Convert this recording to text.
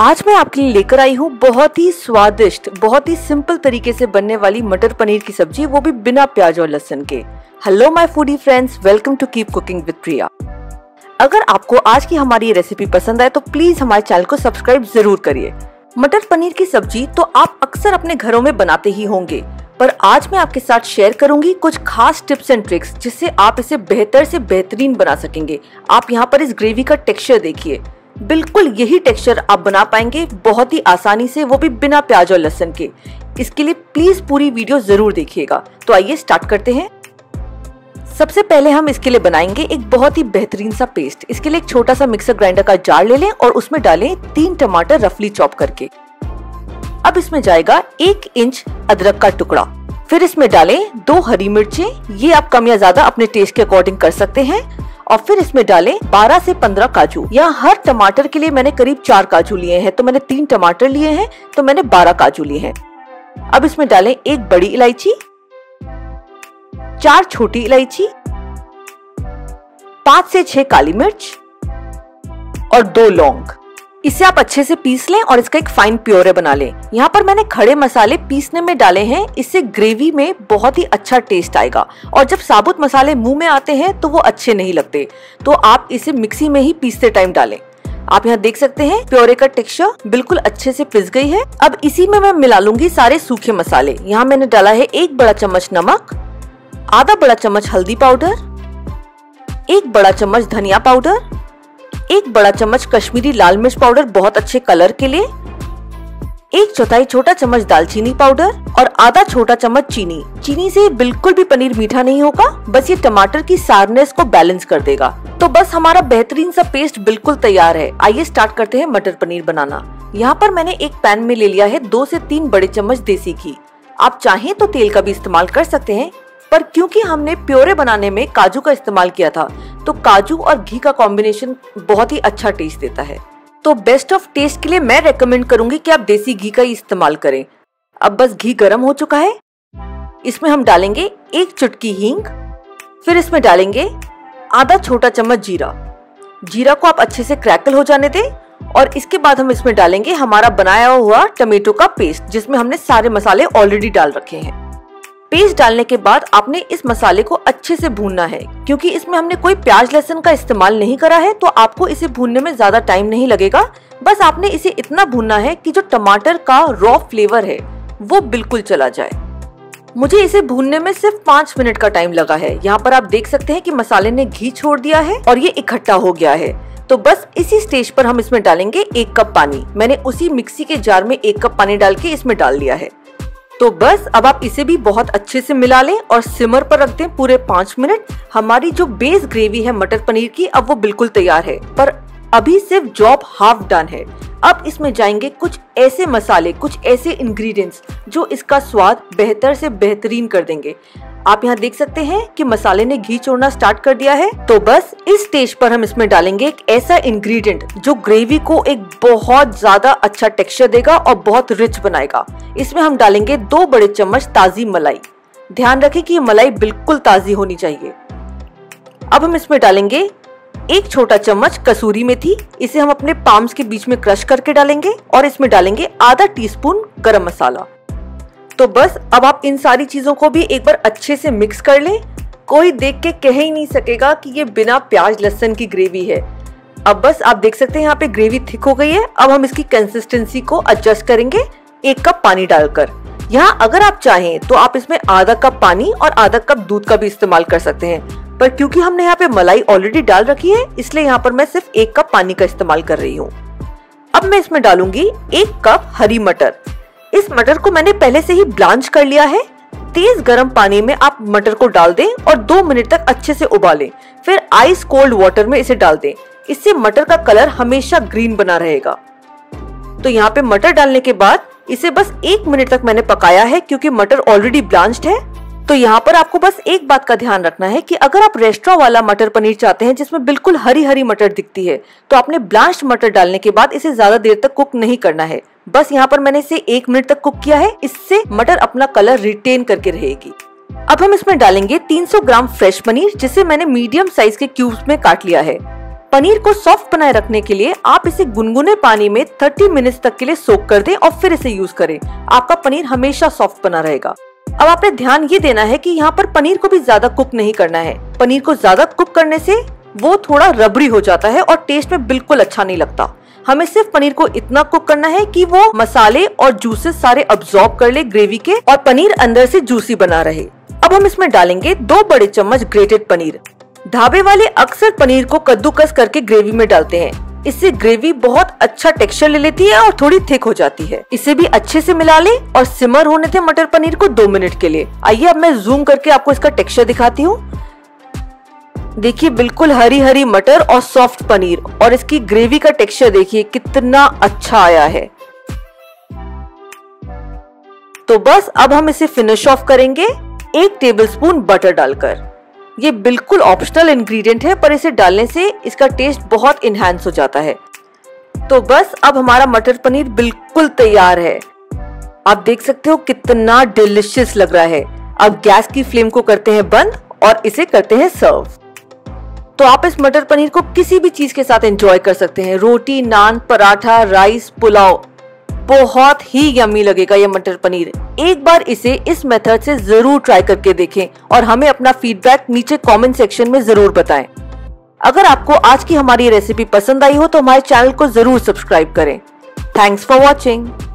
आज मैं आपके लिए लेकर आई हूँ बहुत ही स्वादिष्ट बहुत ही सिंपल तरीके से बनने वाली मटर पनीर की सब्जी वो भी बिना प्याज और लहसुन के hello my foodie friends welcome to keep cooking with Priya अगर आपको आज की हमारी ये रेसिपी पसंद आए तो प्लीज हमारे चैनल को सब्सक्राइब जरूर करिए मटर पनीर की सब्जी तो आप अक्सर अपने घरों में बनाते ही होंगे पर आज मैं आपके साथ शेयर करूंगी कुछ खास टिप्स एंड ट्रिक्स जिससे आप इसे बेहतर से बेहतरीन बना सकेंगे आप यहाँ पर इस ग्रेवी का टेक्सचर देखिए बिल्कुल यही टेक्सचर आप बना पाएंगे बहुत ही आसानी से वो भी बिना प्याज और लहसुन के इसके लिए प्लीज पूरी वीडियो जरूर देखिएगा तो आइए स्टार्ट करते हैं सबसे पहले हम इसके लिए बनाएंगे एक बहुत ही बेहतरीन सा पेस्ट इसके लिए एक छोटा सा मिक्सर ग्राइंडर का जार ले लें और उसमें डालें तीन टमाटर रफली चॉप करके अब इसमें जाएगा एक इंच अदरक का टुकड़ा फिर इसमें डालें दो हरी मिर्चें ये आप कम या ज्यादा अपने टेस्ट के अकॉर्डिंग कर सकते हैं और फिर इसमें डालें 12 से 15 काजू यहाँ हर टमाटर के लिए मैंने करीब चार काजू लिए हैं तो मैंने तीन टमाटर लिए हैं तो मैंने बारह काजू लिए हैं अब इसमें डालें एक बड़ी इलायची चार छोटी इलायची पांच से छह काली मिर्च और दो लौंग इसे आप अच्छे से पीस लें और इसका एक फाइन प्योरे बना लें यहाँ पर मैंने खड़े मसाले पीसने में डाले हैं इससे ग्रेवी में बहुत ही अच्छा टेस्ट आएगा और जब साबुत मसाले मुंह में आते हैं तो वो अच्छे नहीं लगते तो आप इसे मिक्सी में ही पीसते टाइम डालें आप यहाँ देख सकते हैं प्योरे का टेक्सचर बिल्कुल अच्छे से पिस गई है अब इसी में मैं मिला लूंगी सारे सूखे मसाले यहाँ मैंने डाला है एक बड़ा चम्मच नमक आधा बड़ा चम्मच हल्दी पाउडर एक बड़ा चम्मच धनिया पाउडर एक बड़ा चम्मच कश्मीरी लाल मिर्च पाउडर बहुत अच्छे कलर के लिए एक चौथाई छोटा चम्मच दालचीनी पाउडर और आधा छोटा चम्मच चीनी चीनी से बिल्कुल भी पनीर मीठा नहीं होगा बस ये टमाटर की सारनेस को बैलेंस कर देगा तो बस हमारा बेहतरीन सा पेस्ट बिल्कुल तैयार है आइए स्टार्ट करते हैं मटर पनीर बनाना यहाँ पर मैंने एक पैन में ले लिया है दो से तीन बड़े चम्मच देसी घी आप चाहें तो तेल का भी इस्तेमाल कर सकते हैं पर क्योंकि हमने प्योरे बनाने में काजू का इस्तेमाल किया था तो काजू और घी का कॉम्बिनेशन बहुत ही अच्छा टेस्ट देता है तो बेस्ट ऑफ टेस्ट के लिए मैं रेकमेंड करूंगी कि आप देसी घी का ही इस्तेमाल करें अब बस घी गर्म हो चुका है इसमें हम डालेंगे एक चुटकी हींग फिर इसमें डालेंगे आधा छोटा चम्मच जीरा जीरा को आप अच्छे से क्रैकल हो जाने दें और इसके बाद हम इसमें डालेंगे हमारा बनाया हुआ टमेटो का पेस्ट जिसमें हमने सारे मसाले ऑलरेडी डाल रखे हैं पेस्ट डालने के बाद आपने इस मसाले को अच्छे से भूनना है क्योंकि इसमें हमने कोई प्याज लहसुन का इस्तेमाल नहीं करा है तो आपको इसे भूनने में ज्यादा टाइम नहीं लगेगा बस आपने इसे इतना भूनना है कि जो टमाटर का रॉ फ्लेवर है वो बिल्कुल चला जाए मुझे इसे भूनने में सिर्फ पाँच मिनट का टाइम लगा है यहाँ पर आप देख सकते हैं कि मसाले ने घी छोड़ दिया है और ये इकट्ठा हो गया है तो बस इसी स्टेज पर हम इसमें डालेंगे एक कप पानी मैंने उसी मिक्सी के जार में एक कप पानी डाल के इसमें डाल दिया है तो बस अब आप इसे भी बहुत अच्छे से मिला लें और सिमर पर रख दें पूरे पाँच मिनट हमारी जो बेस ग्रेवी है मटर पनीर की अब वो बिल्कुल तैयार है पर अभी सिर्फ जॉब हाफ डन है अब इसमें जाएंगे कुछ ऐसे मसाले कुछ ऐसे इंग्रेडिएंट्स जो इसका स्वाद बेहतर से बेहतरीन कर देंगे आप यहाँ देख सकते हैं कि मसाले ने घी चोड़ना स्टार्ट कर दिया है तो बस इस स्टेज पर हम इसमें डालेंगे एक ऐसा इंग्रेडिएंट जो ग्रेवी को एक बहुत ज्यादा अच्छा टेक्सचर देगा और बहुत रिच बनाएगा इसमें हम डालेंगे दो बड़े चम्मच ताजी मलाई ध्यान रखे की ये मलाई बिल्कुल ताजी होनी चाहिए अब हम इसमें डालेंगे एक छोटा चम्मच कसूरी मेथी इसे हम अपने पाम्स के बीच में क्रश करके डालेंगे और इसमें डालेंगे आधा टीस्पून गरम मसाला तो बस अब आप इन सारी चीज़ों को भी एक बार अच्छे से मिक्स कर लें कोई देख के कह ही नहीं सकेगा कि ये बिना प्याज लहसन की ग्रेवी है अब बस आप देख सकते हैं यहाँ पे ग्रेवी थिक हो गई है अब हम इसकी कंसिस्टेंसी को एडजस्ट करेंगे एक कप पानी डालकर यहाँ अगर आप चाहें तो आप इसमें आधा कप पानी और आधा कप दूध का भी इस्तेमाल कर सकते हैं पर क्योंकि हमने यहाँ पे मलाई ऑलरेडी डाल रखी है इसलिए यहाँ पर मैं सिर्फ एक कप पानी का इस्तेमाल कर रही हूँ अब मैं इसमें डालूंगी एक कप हरी मटर इस मटर को मैंने पहले से ही ब्लांच कर लिया है तेज गर्म पानी में आप मटर को डाल दें और दो मिनट तक अच्छे से उबालें फिर आइस कोल्ड वाटर में इसे डाल दें इससे मटर का कलर हमेशा ग्रीन बना रहेगा तो यहाँ पे मटर डालने के बाद इसे बस एक मिनट तक मैंने पकाया है क्योंकि मटर ऑलरेडी ब्लांच्ड है तो यहाँ पर आपको बस एक बात का ध्यान रखना है कि अगर आप रेस्टोरेंट वाला मटर पनीर चाहते हैं जिसमें बिल्कुल हरी हरी मटर दिखती है तो आपने ब्लास्ट मटर डालने के बाद इसे ज्यादा देर तक कुक नहीं करना है बस यहाँ पर मैंने इसे एक मिनट तक कुक किया है इससे मटर अपना कलर रिटेन करके रहेगी अब हम इसमें डालेंगे 300 ग्राम फ्रेश पनीर जिसे मैंने मीडियम साइज के क्यूब्स में काट लिया है पनीर को सॉफ्ट बनाए रखने के लिए आप इसे गुनगुने पानी में 30 मिनट तक के लिए सोक कर दें और फिर इसे यूज करें आपका पनीर हमेशा सॉफ्ट बना रहेगा अब आपने ध्यान ये देना है कि यहाँ पर पनीर को भी ज्यादा कुक नहीं करना है पनीर को ज्यादा कुक करने से वो थोड़ा रबरी हो जाता है और टेस्ट में बिल्कुल अच्छा नहीं लगता हमें सिर्फ पनीर को इतना कुक करना है कि वो मसाले और जूसेस सारे अब्जॉर्ब कर ले ग्रेवी के और पनीर अंदर से जूसी बना रहे अब हम इसमें डालेंगे दो बड़े चम्मच ग्रेटेड पनीर ढाबे वाले अक्सर पनीर को कद्दूकस करके ग्रेवी में डालते हैं इससे ग्रेवी बहुत अच्छा टेक्सचर ले लेती है और थोड़ी थिक हो जाती है इसे भी अच्छे से मिला ले और सिमर होने थे मटर पनीर को दो मिनट के लिए आइए अब मैं जूम करके आपको इसका टेक्सचर दिखाती हूँ देखिए बिल्कुल हरी हरी मटर और सॉफ्ट पनीर और इसकी ग्रेवी का टेक्सचर देखिए कितना अच्छा आया है तो बस अब हम इसे फिनिश ऑफ करेंगे एक टेबलस्पून बटर डालकर ये बिल्कुल ऑप्शनल इंग्रेडिएंट है पर इसे डालने से इसका टेस्ट बहुत इनहेंस हो जाता है तो बस अब हमारा मटर पनीर बिल्कुल तैयार है आप देख सकते हो कितना डिलिशियस लग रहा है अब गैस की फ्लेम को करते हैं बंद और इसे करते हैं सर्व तो आप इस मटर पनीर को किसी भी चीज के साथ एंजॉय कर सकते हैं रोटी नान पराठा राइस पुलाव बहुत ही यमी लगेगा ये मटर पनीर एक बार इसे इस मेथड से जरूर ट्राई करके देखें और हमें अपना फीडबैक नीचे कमेंट सेक्शन में जरूर बताएं। अगर आपको आज की हमारी रेसिपी पसंद आई हो तो हमारे चैनल को जरूर सब्सक्राइब करें थैंक्स फॉर वॉचिंग